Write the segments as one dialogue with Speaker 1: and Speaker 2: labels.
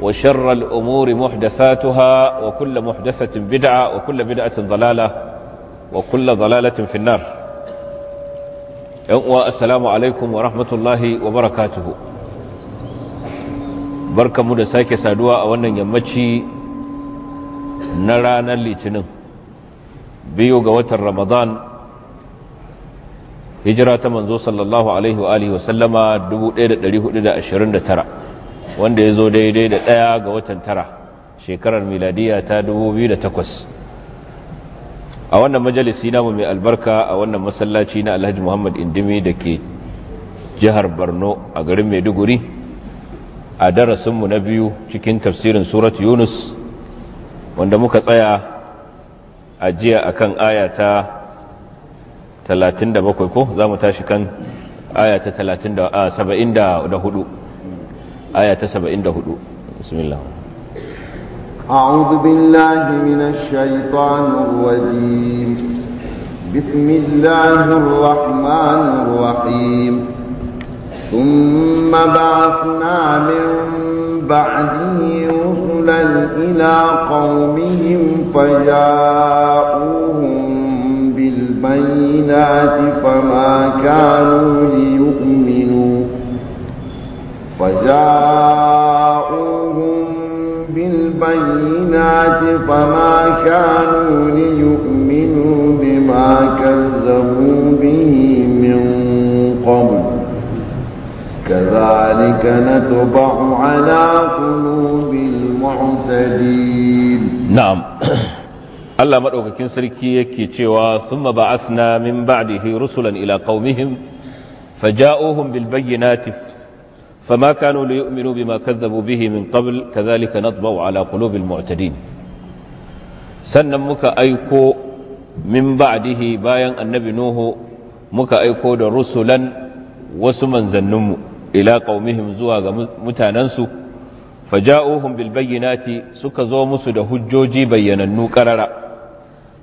Speaker 1: وشر الأمور محدثاتها وكل محدثة بدعة وكل بدعة ضلالة وكل ضلالة في النار السلام عليكم ورحمة الله وبركاته بركة مدساك سادوا أولا يمتشي نرانا لتنم biyu ga watan ramadan hijira ta manzo sallallahu alaihi wa alihi wasallama 1429 wanda ya zo daidai da ɗaya ga watan tara shekarar miladiya ta 2008 a wannan majalisi namu mai albarka a wannan masallaci na alhaji muhammad indimi da ke jihar borno a garin maiduguri a darasinmu na biyu cikin tafsirin surat yunus wanda muka tsaya a jiya a akan aya ta 37 ko za mu tashi kan aya ta hudu? آية aya ta بسم الله أعوذ بالله من الشيطان الرجيم بسم الله الرحمن الرحيم ثم بعثنا من بعده رسلا إلى قومهم فجاءوهم بالبينات فما كانوا لي وجاءوهم بالبينات فما كانوا ليؤمنوا بما كذبوا به من قبل كذلك نتبع على قلوب المعتدين نعم الله مدعوك كن سركي ثم بعثنا من بعده رسلا إلى قومهم فجاءوهم بالبينات فما كانوا ليؤمنوا بما كذبوا به من قبل كذلك نطبع على قلوب المعتدين sannan muka aiko min ba'dihi bayan annabi nuhu muka aiko da rusulan wasu manzanninmu ila qaumihim zuwa ga mutanensu faja'uhum bil suka zo musu da hujjoji bayyanannu qarara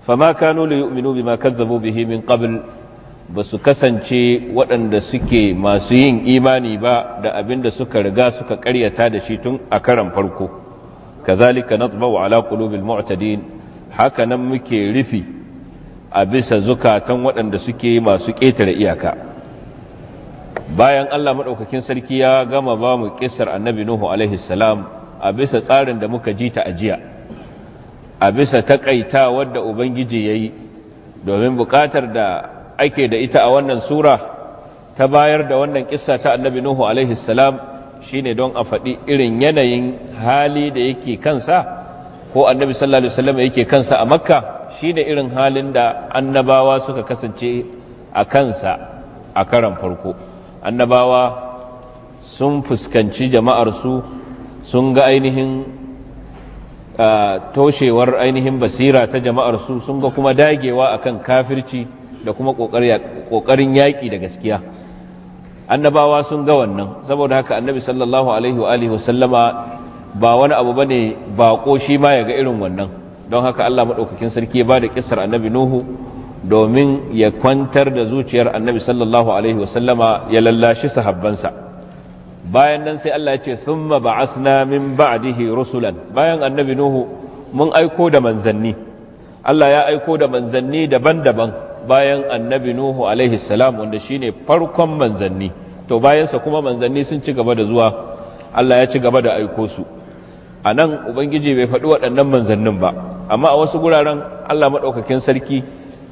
Speaker 1: fama kanu li yu'minu bima kadzabu bihi min qabl ba su kasance waɗanda suke masu yin imani ba da abin da suka riga suka ƙaryata da shi tun a karan farko kazalika natba'u ala qulubil mu'tadin haka nan muke rufi a bisa zukatan waɗanda suke masu ƙetare iyaka bayan Allah madaukakin sarki ya gama ba mu kissar annabi nuhu alaihi salam a bisa tsarin da muka ji ta ajiya a bisa takaita wadda ubangiji yayi domin buƙatar da ake da ita a wannan sura ta bayar da wannan kissa ta annabi nuhu alaihi salam shine don a faɗi irin yanayin hali da yake kansa ko annabi sallallahu alaihi wasallam yake kansa a makka shine irin halin da annabawa suka kasance a kansa a karan farko annabawa sun fuskanci jama'arsu sun ga ainihin ah, toshewar ainihin basira ta jama'arsu sun ga kuma dagewa akan kafirci da kuma ƙoƙarin yaƙi da gaskiya annabawa sun ga wannan saboda haka annabi sallallahu alaihi wa alihi wasallama ba wani abu bane bako shi ma ya ga irin wannan don haka Allah madaukakin sarki ya da kissar annabi nuhu domin ya kwantar da zuciyar annabi sallallahu alaihi wasallama ya lallashi sahabbansa bayan nan sai Allah ya ce thumma ba'athna min ba'dihi rusulan bayan annabi nuhu mun aiko da manzanni Allah ya aiko da manzanni daban-daban bayan annabi nuhu alaihi salam wanda shine farkon manzanni to bayansa kuma manzanni sun ci gaba da zuwa Allah ya ci gaba da aiko su a nan ubangiji bai faɗi waɗannan manzannin ba amma a wasu guraren Allah maɗaukakin sarki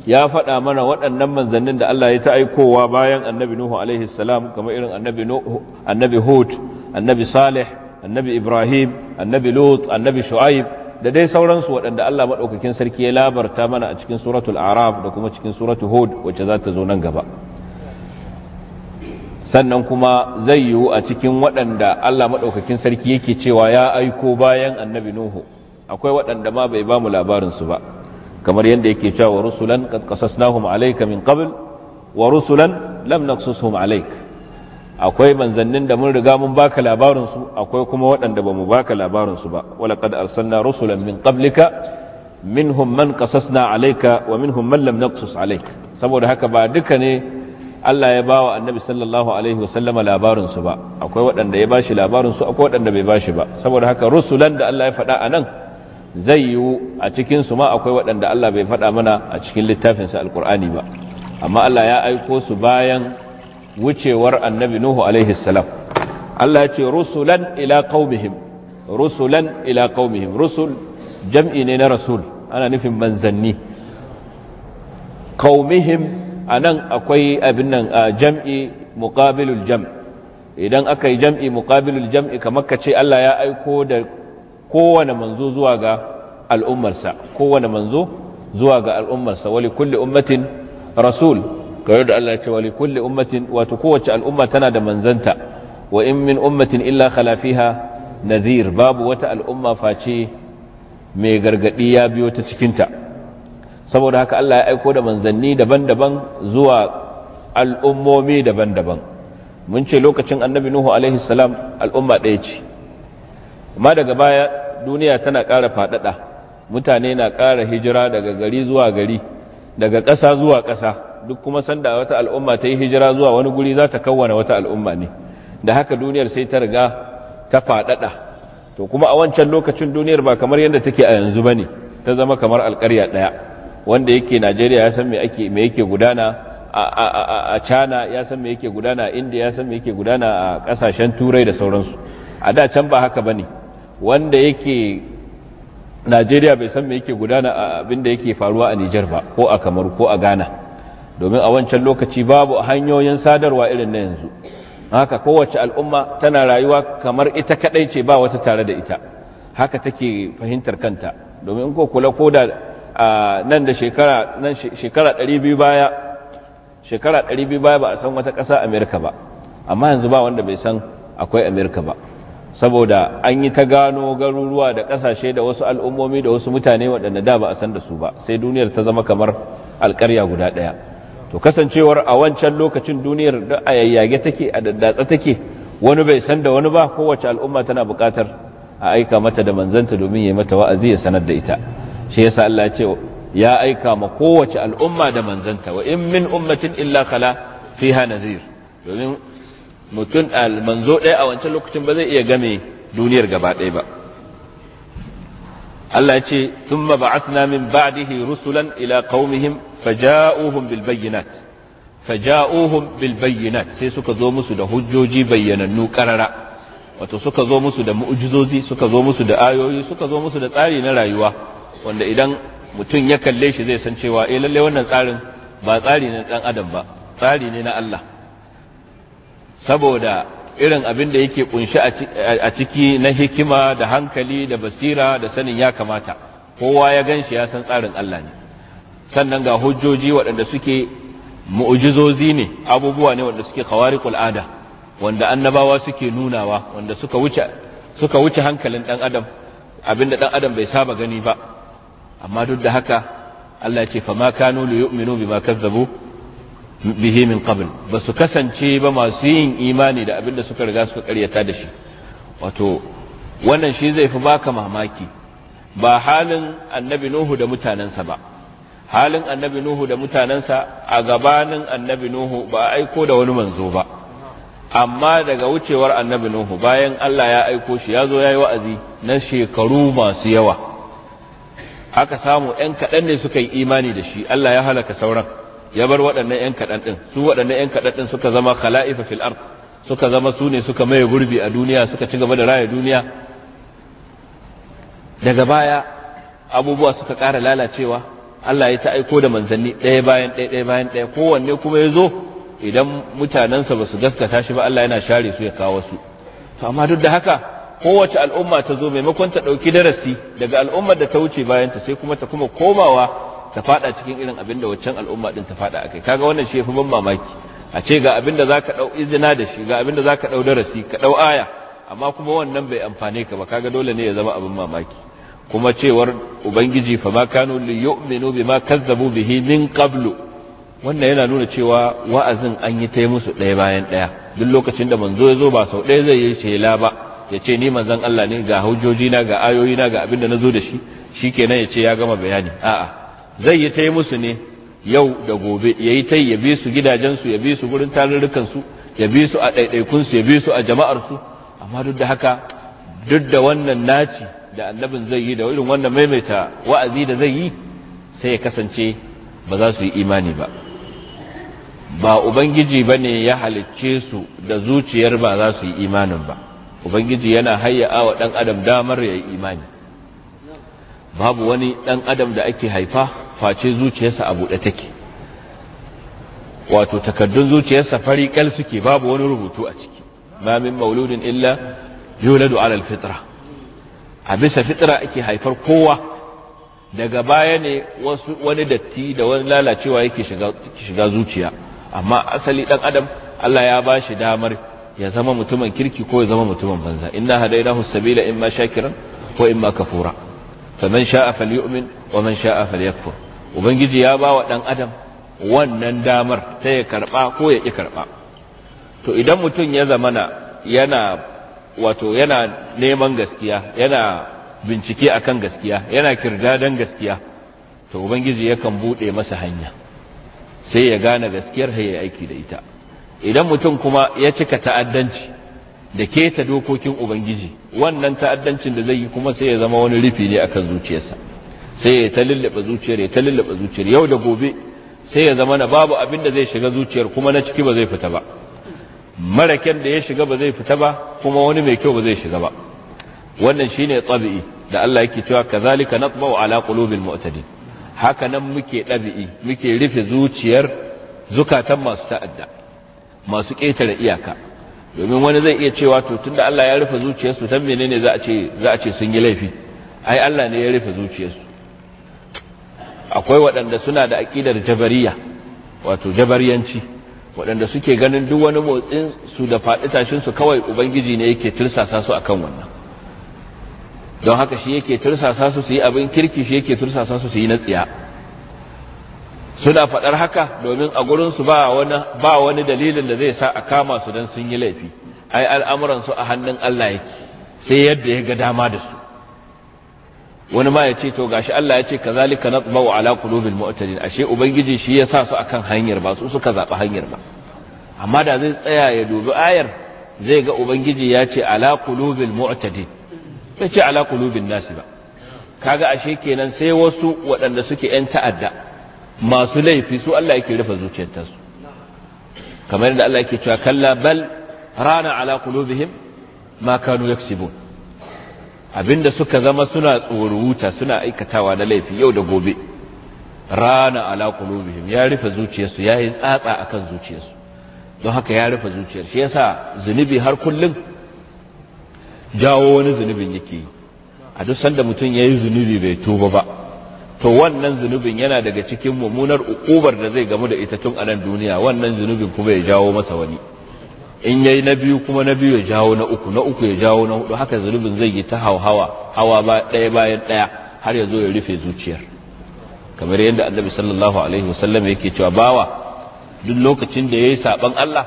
Speaker 1: ya faɗa mana waɗannan manzannin da Allah ya ta aikowa bayan annabi nuhu alaihi salam kamar irin annabi nuhu annabi hud annabi salih annabi ibrahim annabi lut annabi shu'aib da dai sauransu waɗanda Allah maɗaukakin sarki ya labarta mana a cikin suratul araf da kuma cikin suratul hud wacce za ta zo nan gaba sannan kuma zai yiwu a cikin waɗanda Allah maɗaukakin sarki yake cewa ya aiko bayan annabi nuhu akwai waɗanda ma bai bamu mu labarinsu ba kamar yadda yake cewa rusulan qad qasasnahum alayka min qabl wa rusulan lam naqsushum alayka akwai manzannin da mun riga mun baka labarinsu akwai kuma waɗanda ba mu baka labarinsu ba walaƙad arsalna rusulan min qablika minhum man qasasna alayka wa minhum man lam naqsus alayka saboda haka ba duka ne Allah ya bawa annabi sallallahu alaihi wasallama labarinsu ba akwai waɗanda ya bashi labarinsu akwai waɗanda bai bashi ba saboda haka rusulan da Allah ya faɗa anan zai yiwu a cikinsu ma akwai waɗanda Allah bai faɗa mana a cikin littafinsa alkur'ani ba amma Allah ya aiko su bayan wucewar annabi nuhu alaihi salam Allah ya ce rusulan ila qaumihim rusulan ila qaumihim rusul jam'i ne na rasul ana nufin manzanni qaumihim anan akwai abin nan jam'i muqabilul jam' idan aka yi jam'i muqabilul jam'i kamar ka ce Allah ya aiko da kowane manzo zuwa ga al'ummarsa kowane manzo zuwa ga al'ummarsa wali kulli ummatin rasul kawai da Allah ya ce wali kulli ummatin wato kowace al'umma tana da manzanta wa in min ummatin illa khala fiha nadhir babu wata al'umma face mai gargadi ya biyo ta cikin ta saboda haka Allah ya aiko da manzanni daban-daban zuwa al'ummomi daban-daban mun ce lokacin annabi nuhu alaihi salam al'umma ɗaya ce amma daga baya duniya tana ƙara faɗaɗa mutane na ƙara hijira daga gari zuwa gari daga ƙasa zuwa ƙasa duk kuma sanda wata al'umma ta yi hijira zuwa wani guri za ta kawwana wata al'umma ne da haka duniyar sai ta riga ta fadada to kuma a wancan lokacin duniyar ba kamar yadda take a yanzu ba ta zama kamar alƙarya ɗaya wanda yake najeriya ya san me ake me yake gudana a china ya san me yake gudana a india ya san me yake gudana a kasashen turai da sauransu a da can ba haka ba wanda yake najeriya bai san me yake gudana a abin da yake faruwa a nijar ba ko a kamaru ko a ghana domin a wancan lokaci babu hanyoyin sadarwa irin na yanzu haka kowace al'umma tana rayuwa kamar ita kadai ce ba wata tare da ita haka take fahimtar kanta domin ko kula ko da nan da shekara nan shekara 200 baya shekara 200 baya ba a san wata kasa America ba amma yanzu ba wanda bai san akwai America ba saboda an yi ta gano garuruwa da ƙasashe da wasu al'ummomi da wasu mutane waɗanda da ba a san da su ba sai duniyar ta zama kamar alƙarya guda ɗaya to kasancewar a wancan lokacin duniyar da a yayyage take a daddatsa take wani bai san da wani ba kowace al'umma tana buƙatar a aika mata da manzanta domin ya mata wa'azi ya sanar da ita shi yasa Allah ya ce ya aika ma kowace al'umma da manzanta wa in min ummatin illa kala fiha nazir domin mutum al manzo ɗaya a wancan lokacin ba zai iya game duniyar gaba ɗaya ba Allah ce thumma ba'athna min ba'dihi rusulan ila qaumihim sai suka zo musu da hujjoji bayyanannu karara wato suka zo musu da mu'jizozi suka zo musu da ayoyi suka zo musu da tsari na rayuwa wanda idan mutum ya kalle shi zai san cewa e lallai wannan tsarin ba tsari ne adam ba tsari ne na Allah saboda irin abin da yake kunshi a ciki na hikima da hankali da basira da sanin ya kamata kowa ya gan shi ya san tsarin Allah ne sannan ga hujjoji waɗanda suke mu'ujizozi ne abubuwa ne waɗanda suke khawariqul ada wanda annabawa suke nunawa wanda suka wuce hankalin dan adam abinda ɗan adam bai saba gani ba amma duk da haka Allah ya ce fa ma kanu li yu'minu bima kazzabu bihi min qabl ba kasance ba masu yin imani da abin da suka riga suka karyata da shi wato wannan shi zai fi baka mamaki ba halin annabi nuhu da mutanensa ba halin annabi nuhu da mutanensa a gabanin annabi nuhu ba a aiko da wani manzo ba amma daga wucewar annabi nuhu bayan Allah ya aiko shi ya zo ya yi wa'azi na shekaru masu yawa aka samu ‘yan kaɗan ne suka yi imani da shi Allah ya halaka sauran ya bar waɗannan 'yan kaɗan ɗin su waɗannan 'yan kaɗan ɗin suka zama khala'ifa fil ard suka zama su ne suka maye gurbi a duniya suka ci gaba da raya duniya daga baya abubuwa suka ƙara lalacewa Allah ya ta aiko da manzanni ɗaya bayan ɗaya ɗaya bayan ɗaya kowanne kuma ya zo idan mutanensa ba su gaskata shi ba Allah yana share su ya kawo su to amma duk da haka kowace al'umma ta zo maimakon ta ɗauki darasi daga al'ummar da ta wuce bayanta sai kuma ta kuma komawa ta fada cikin irin abin da waccan al'umma din ta fada akai kaga wannan shi yafi ban mamaki a ce ga abin da zaka dau izina da shi ga abin da zaka dau darasi ka dau aya amma kuma wannan bai amfane ka ba kaga dole ne ya zama abin mamaki kuma cewar ubangiji fa ma kanu li yu'minu bima kazzabu bihi min qablu wannan yana nuna cewa wa'azin an yi ta musu ɗaya bayan ɗaya duk lokacin da manzo ya zo ba sau ɗaya zai yi shela ba ya ce ni manzon Allah ne ga hujjoji na ga ayoyi na ga abin da na zo da shi shikenan ya ce ya gama bayani a'a zai yi ta yi musu ne yau da gobe ya yi ta ya bi su gidajensu ya bi su gurin tarurrukansu ya bi su a ɗaiɗaikunsu ya bi su a jama'arsu amma duk da haka duk da wannan naci da annabin zai yi da irin wannan maimaita wa'azi da zai yi sai ya kasance ba za su yi imani ba ba ubangiji ba ne ya halicce su da zuciyar ba za su yi imanin ba ubangiji yana hayya'a wa ɗan adam damar ya yi imani babu wani ɗan adam da ake haifa face zuciyarsa a buɗe take wato takardun zuciyarsa fari kal suke babu wani rubutu a ciki ma min mauludin illa yuladu alal fitra a bisa fitra ake haifar kowa daga baya ne wasu wani datti da wani lalacewa yake shiga zuciya amma asali dan adam Allah ya ba shi damar ya zama mutumin kirki ko ya zama mutumin banza inna hadainahu sabila imma shakiran ko imma kafura faman sha'a falyu'min wa man sha'a ubangiji ya ba wa ɗan adam wannan damar ta ya karɓa ko ya ƙi karɓa to idan mutum ya zamana yana wato yana neman gaskiya yana bincike a kan gaskiya yana kirdadan gaskiya to ubangiji yakan buɗe masa hanya sai ya gane gaskiyar ya aiki da ita idan mutum kuma ya cika ta'addanci da keta dokokin ubangiji wannan ta'addancin da zai yi kuma sai ya zama wani rufi ne akan zuciyarsa sai ya ta lullaba zuciyar ya ta lullaba zuciyar yau da gobe sai ya zama na babu abin da zai shiga zuciyar kuma na ciki ba zai fita ba maraken da ya shiga ba zai fita ba kuma wani mai kyau ba zai shiga ba wannan shine tsabi'i da Allah yake cewa kazalika natba'u ala qulubil mu'tadin haka nan muke ɗabi'i muke rufe zuciyar zukatan masu ta'adda masu ƙetare iyaka domin wani zai iya cewa to tunda Allah ya rufe zuciyarsu tan menene za ce za a ce sun yi laifi ai Allah ne ya rufe zuciyarsu akwai waɗanda suna da aƙidar jabariya wato jabariyanci waɗanda suke ganin duk wani motsin su da faɗi tashin su kawai ubangiji ne yake tursasa su akan wannan don haka shi yake tursasa su su yi abin kirki shi yake tursasa su su yi na tsiya suna faɗar haka domin a gurin ba wani ba wani dalilin da zai sa a kama su don sun yi laifi ai su a hannun Allah yake sai yadda ya ga dama da su wani ma ya ce to gashi Allah ya ce kazalika natba'u ala qulubil mu'tadin ashe ubangiji shi ya sa su akan hanyar ba su suka zaɓi hanyar ba amma da zai tsaya ya dubi ayar zai ga ubangiji ya ce ala qulubil mu'tadin bai ce ala qulubin nasi ba kaga ashe kenan sai wasu waɗanda suke yan ta'adda masu laifi su Allah yake rufe zuciyarsu kamar yadda Allah yake cewa kalla bal rana ala qulubihim ma kanu yaksibun abinda suka zama suna tsoruta suna aikatawa na laifi yau da gobe rana ala qulubihim ya rufe zuciyarsu ya yi tsatsa akan zuciyarsu don haka ya rufe zuciyar shi yasa zunubi har kullum jawo wani zunubin yake yi a duk sanda mutum ya yi zunubi bai tuba ba to wannan zunubin yana daga cikin mummunar ukubar da zai gamu da ita tun a nan duniya wannan zunubin kuma ya jawo masa wani in yayi na biyu kuma na biyu ya jawo na uku na uku ya jawo na hudu haka zulubin zai yi ta hauhawa hawa ba ɗaya bayan ɗaya har ya zo ya rufe zuciyar kamar yadda annabi sallallahu alaihi wasallam yake cewa bawa duk lokacin da yayi saban Allah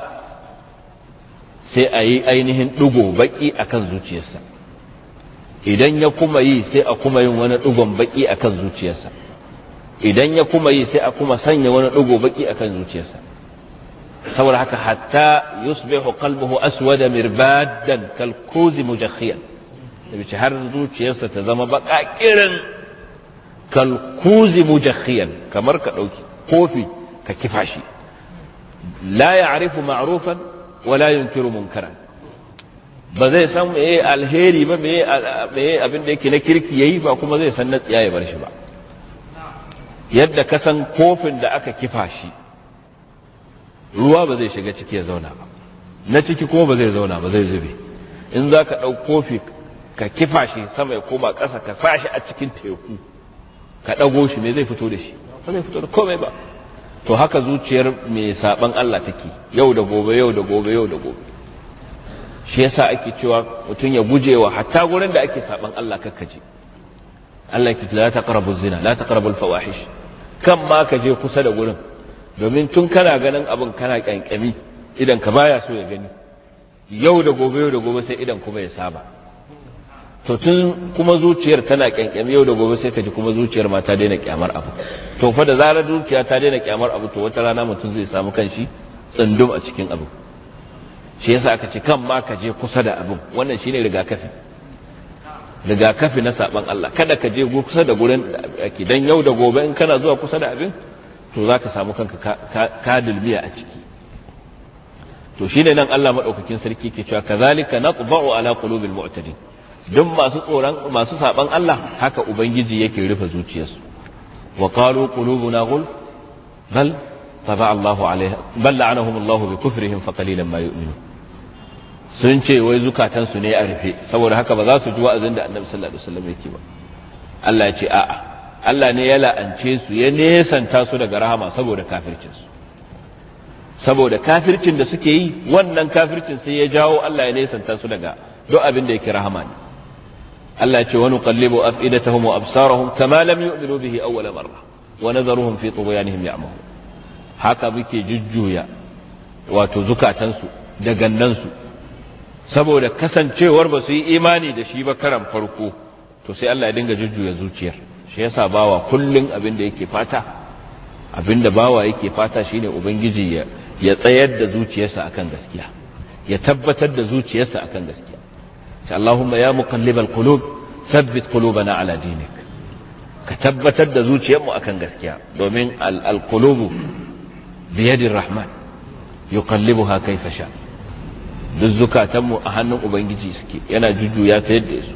Speaker 1: sai a yi ainihin ɗigo baki akan zuciyarsa idan ya kuma yi sai a kuma yin wani ɗigon baki akan zuciyarsa idan ya kuma yi sai a kuma sanya wani ɗigo baki akan zuciyarsa saboda haka hatta yusbihu qalbuhu aswada mirbadan kal mujakhiyan da har zuciyarsa ta zama baka kirin kal kuzi mujakhiyan kamar ka dauki kofi ka kifa la ya'rifu ma'rufan wa la yunkiru munkaran ba zai san meye alheri ba meye abin da yake na kirki yayi ba kuma zai san na tsiya ya bar shi ba yadda ka san kofin da aka kifa shi ruwa ba zai shiga ciki ya zauna ba na ciki ko ba zai zauna ba zai zube in za ka ɗau kofi ka kifa shi sama ya koma ƙasa ka sa shi a cikin teku ka ɗago shi me zai fito da shi ba zai fito da komai ba to haka zuciyar mai saban Allah take yau da gobe yau da gobe yau da gobe shi yasa ake cewa mutum ya guje wa hatta gurin da ake saban Allah kakkaje Allah ya ce la taqrabu zina la taqrabu al-fawahish kan ma ka je kusa da gurin domin tun kana ganin abin kana kyankyami idan ka baya so ya gani yau da gobe yau da gobe sai idan kuma ya saba to tun kuma zuciyar tana kyankyami yau da gobe sai ka ji kuma zuciyar ma ta daina kyamar abu to fa da zarar zuciya ta daina kyamar abu to wata rana mutum zai samu kanshi tsundum a cikin abu shi yasa aka ce kan ma ka je kusa da abin wannan shine rigakafi rigakafi na saban Allah kada ka je kusa da gurin ake dan yau da gobe in kana zuwa kusa da abin to za ka samu kanka ka dulmiya a ciki to shi ne nan Allah maɗaukakin sarki ke cewa kazalika naqba'u ala qulubil mu'tadin duk masu tsoron masu saban Allah haka ubangiji yake rufe zuciyarsu wa qalu qulubuna ghul Allahu alaiha bal la'anahum Allahu bi kufrihim fa qalilan ma sun ce wai zukatan su ne a rufe saboda haka ba za su ji wa'azin da Annabi sallallahu alaihi wasallam yake ba Allah ya ce a'a Allah ne ya la'ance su ya nesanta su daga rahama saboda kafircinsu saboda kafircin da suke yi wannan kafircin sai ya jawo Allah ya nesanta su daga duk abin da yake rahama ne Allah ce wani qallibu afidatahum wa absarahum kama lam yu'minu bihi awwal marra wa nazaruhum fi tughyanihim ya'mahu haka muke jujjuya wato zukatansu da gannansu saboda kasancewar ba su yi imani da shi ba karan farko to sai Allah ya dinga jujjuya zuciyar shi yasa bawa kullun abin da yake fata abin da bawa yake fata shine ubangiji ya ya tsayar da zuciyarsa akan gaskiya ya tabbatar da zuciyarsa akan gaskiya sha Allahumma ya muqallibal qulub thabbit qulubana ala dinik ka tabbatar da zuciyarmu akan gaskiya domin al qulubu bi yadir rahman yuqallibuha kayfa sha duk zukatanmu a hannun ubangiji suke yana jujjuya ta yadda su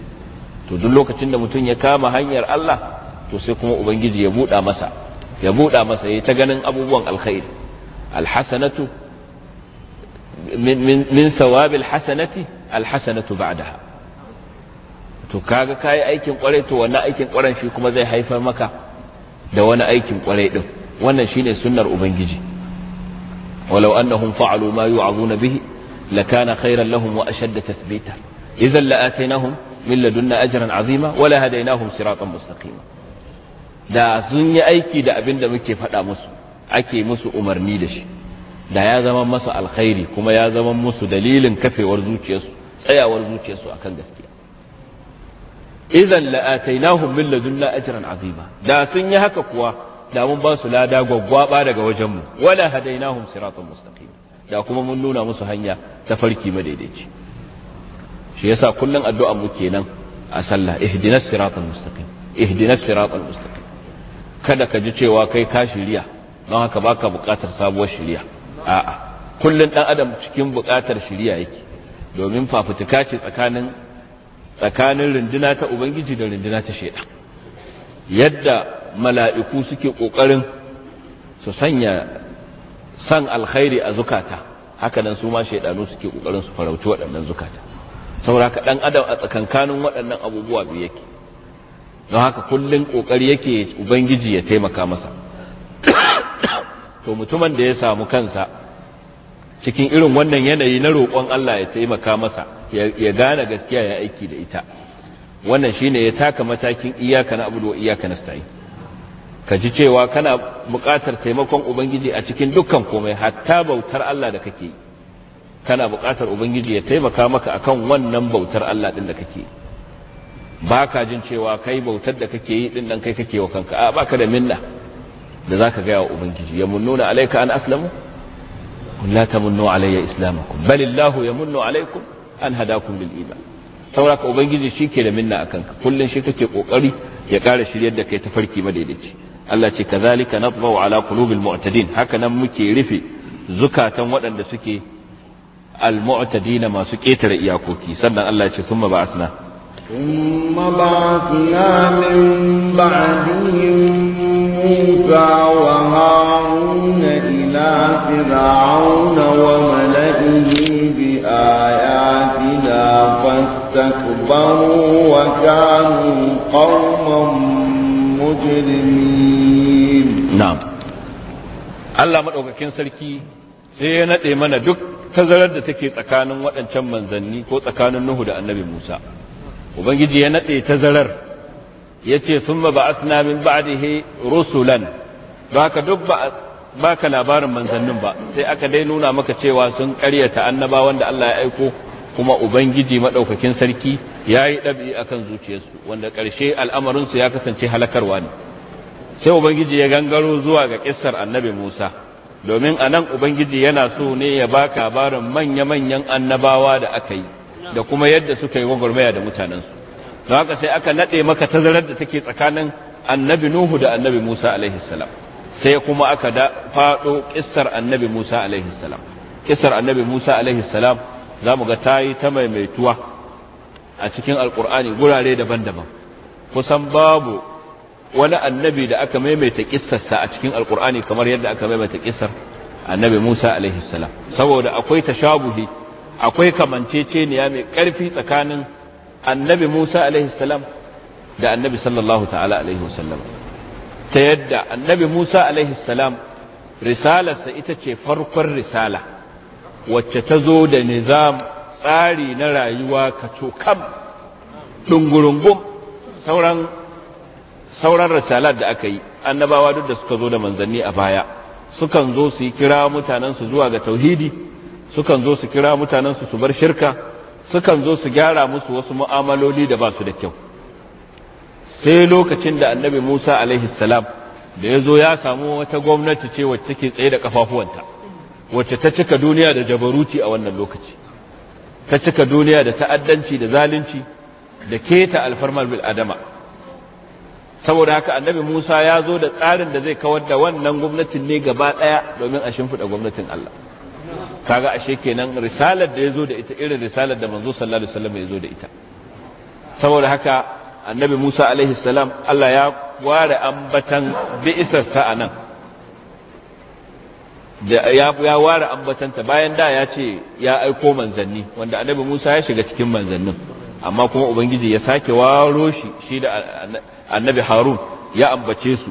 Speaker 1: to duk lokacin da mutum ya kama hanyar Allah to kuma ubangiji ya buɗa masa ya buɗa masa ya ta ganin abubuwan alkhairi alhasanatu min sawabil hasanati alhasanatu ba'daha to kaga kayi aikin kwarai to wannan aikin kwarai shi kuma zai haifar maka da wani aikin kwarai din wannan shine sunnar ubangiji walau annahum fa'alu ma yu'azuna bihi lakana khairan lahum wa ashadda tathbita idan la'atainahum min ladunna ajran azima wa la hadainahum siratan mustaqima da sun yi aiki da abin da muke faɗa musu ake musu umarni da shi da ya zama masa alkhairi kuma ya zama musu dalilin kafewar zuciyarsu tsayawar zuciyarsu akan gaskiya idan la'atainahum min ladunna ajran azima da sun yi haka kuwa da mun ba su lada gwaggwaba daga wajenmu wala hadainahum siratan mustaqim da kuma mun nuna musu hanya ta farki madaidaici shi yasa kullun addu'an mu kenan a sallah ihdinas siratal mustaqim ihdinas siratal mustaqim kada ka ji cewa kai ka shirya don haka ba ka buƙatar sabuwar shirya a'a kullum ɗan adam cikin buƙatar shirya yake domin fafutuka ce tsakanin tsakanin ta ubangiji da rinduna ta shaida. yadda mala'iku suke ƙoƙarin su sanya san alkhairi a zukata haka nan su ma shedanu suke ƙoƙarin su farauci waɗannan zukata saboda haka ɗan adam a tsakankanin waɗannan abubuwa biyu yake don haka kullum ƙoƙari yake ubangiji ya taimaka masa to mutumin da ya samu kansa cikin irin wannan yanayi na roƙon Allah ya taimaka masa ya gane gaskiya ya aiki da ita wannan shine ya taka matakin iyaka na abudu wa iyaka stayi ka ji cewa kana buƙatar taimakon ubangiji a cikin dukkan komai hatta bautar Allah da kake kana buƙatar ubangiji ya taimaka maka akan wannan bautar Allah din da kake yi ba ka jin cewa kai bautar da kake yi din nan kai kake wa kanka a baka da minna da zaka ga wa ubangiji ya munnuna alaika an aslamu kun la tamunnu alayya islamakum balillahu yamunnu alaykum an hadakum lil iman saboda ka ubangiji shike da minna akan ka kullun shi kake kokari ya kara shiryar da kai ta farki madaidaici Allah ce kazalika nadbu ala qulubil mu'tadin haka nan muke rufe zukatan waɗanda suke al mu'tadina masu ketare iyakoki sannan Allah ce summa ba'asna ثم بعثنا من بعدهم موسى وهارون إلى فرعون وملئه بآياتنا فاستكبروا وكانوا قوما مجرمين نعم Allah maɗaukakin sarki sai ya naɗe mana duk tazarar da take tsakanin waɗancan manzanni ko tsakanin Nuhu da annabi Musa. ubangiji ya natse tazarar ya ce sun ba ba'asna min ba'dihi rusulan baka duk baka labarin manzannin ba sai aka dai nuna maka cewa sun karyata annaba wanda Allah ya aiko kuma ubangiji madaukakin sarki ya yi akan zuciyarsu wanda ƙarshe al'amarinsu ya kasance halakarwa ne sai ubangiji ya gangaro zuwa ga ƙissar annabi musa domin a nan ubangiji yana so ne ya baka labarin manya-manyan annabawa da aka yi da kuma yadda suka yi gwagwarmaya da mutanensu don haka sai aka naɗe maka tazarar da take tsakanin annabi nuhu da annabi musa alaihi sai kuma aka da faɗo kissar annabi musa alaihi salam kissar annabi musa alaihi za mu ga ta yi ta maimaituwa a cikin alƙur'ani gurare daban-daban kusan babu wani annabi da aka maimaita ƙisarsa a cikin alƙur'ani kamar yadda aka maimaita kissar annabi musa alaihi saboda akwai tashabuhi akwai kamanceceniya mai ƙarfi tsakanin annabi Musa alaihi salam da annabi sallallahu ta'ala alaihi wasallam ta yadda annabi Musa alaihi salam risalarsa ita ce farkon risala wacce ta zo da nizam tsari na rayuwa ka cokam dungurungum sauran sauran risalar da aka yi annabawa duk da suka zo da manzanni a baya sukan zo su yi kira mutanensu zuwa ga tauhidi sukan zo su kira mutanensu su bar shirka sukan zo su gyara musu wasu mu'amaloli da ba su da kyau sai lokacin da annabi musa alaihi salam da ya zo ya samu wata gwamnati ce wacce take tsaye da kafafuwanta wacce ta cika duniya da jabaruti a wannan lokaci ta cika duniya da ta'addanci da zalunci da keta alfarmar bil adama saboda haka annabi musa ya zo da tsarin da zai kawar da wannan gwamnatin ne gaba ɗaya domin a shimfiɗa gwamnatin allah kaga ashe kenan risalar da ya zo da ita irin risalar da manzo sallallahu alaihi wasallam ya zo da ita saboda haka annabi Musa alaihi salam Allah ya ware ambatan bi'isar sa anan ya ya ware ambatanta bayan da ya ce ya aiko manzanni wanda annabi Musa ya shiga cikin manzannin amma kuma ubangiji ya sake waro shi shi da annabi Harun ya ambace su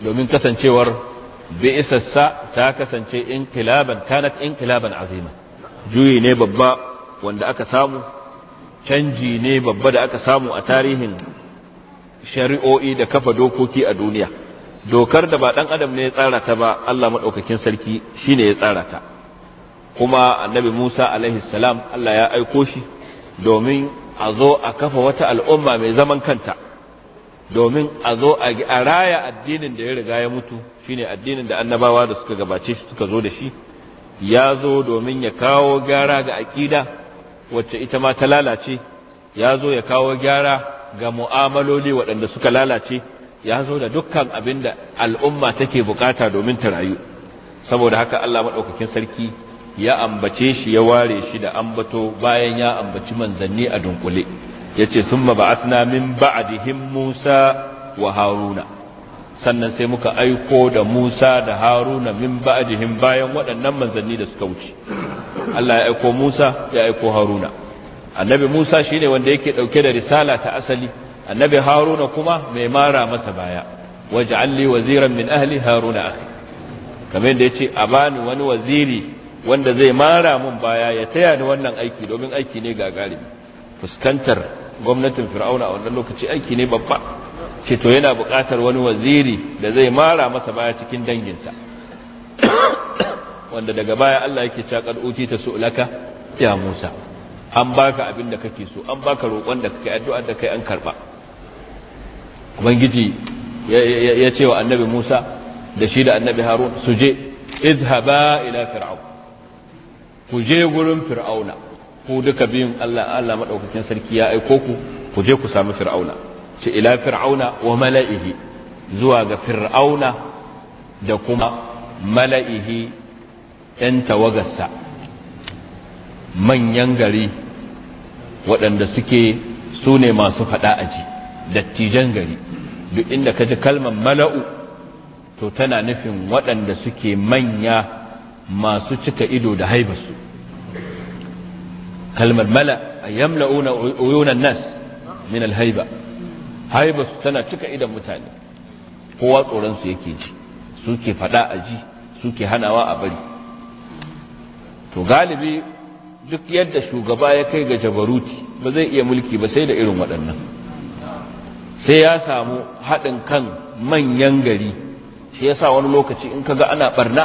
Speaker 1: domin kasancewar bi'isassa ta kasance inqilaban kanat inqilaban azima juyi ne babba wanda aka samu canji ne babba da aka samu a tarihin shari'o'i da kafa dokoki a duniya dokar da ba dan adam ne ya tsara ta ba Allah madaukakin sarki shine ya tsara ta kuma annabi Musa alaihi salam Allah ya aiko shi domin a zo a kafa wata al'umma mai zaman kanta domin a zo a raya addinin da ya riga ya mutu shine addinin da annabawa da suka gabace shi suka zo da shi ya zo domin ya kawo gyara ga aƙida wacce ita ma ta lalace ya zo ya kawo gyara ga mu'amaloli waɗanda suka lalace ya zo da dukkan abin da al'umma take bukata domin ta rayu saboda haka Allah maɗaukakin sarki ya ambace shi ya ware shi da ambato bayan ya ambaci manzanni a dunkule. yace thumma ba'athna min ba'dihim Musa wa Haruna sannan sai muka aiko da Musa da Haruna min ba'dihim bayan waɗannan manzanni da suka wuce Allah ya aiko Musa ya aiko Haruna annabi Musa shine wanda yake dauke da risala ta asali annabi Haruna kuma mai mara masa baya waj'al li waziran min ahli Haruna akhi kamar da yace a bani wani waziri wanda zai mara mun baya ya taya ni wannan aiki domin aiki ne ga galibi fuskantar gwamnatin fir'auna a wannan lokaci aiki ne babba ce to yana buƙatar wani waziri da zai mara masa baya cikin danginsa wanda daga baya Allah yake cakar uti ta laka, ya Musa an baka abin da kake so an baka roƙon da kake addu'a da kai an karba ubangiji ya ce wa annabi Musa da shi da annabi Harun su je idhaba ila fir'aun ku je gurin fir'auna ku duka biyun Allah Allah madaukakin sarki ya aiko ku ku je ku samu fir'auna ce ila fir'auna wa mala'ihi zuwa ga fir'auna da kuma mala'ihi yan tawagarsa manyan gari waɗanda suke su ne masu faɗa aji dattijan gari duk inda ka ji kalmar mala'u to tana nufin waɗanda suke manya masu cika ido da haibarsu kalmar mala yamla'una uyunan nas min alhaiba haiba tana cika idan mutane kowa tsoron su yake ji suke fada a ji suke hanawa a bari to galibi duk yadda shugaba ya kai ga jabaruti ba zai iya mulki ba sai da irin waɗannan sai ya samu haɗin kan manyan gari shi sa wani lokaci in kaga ana ɓarna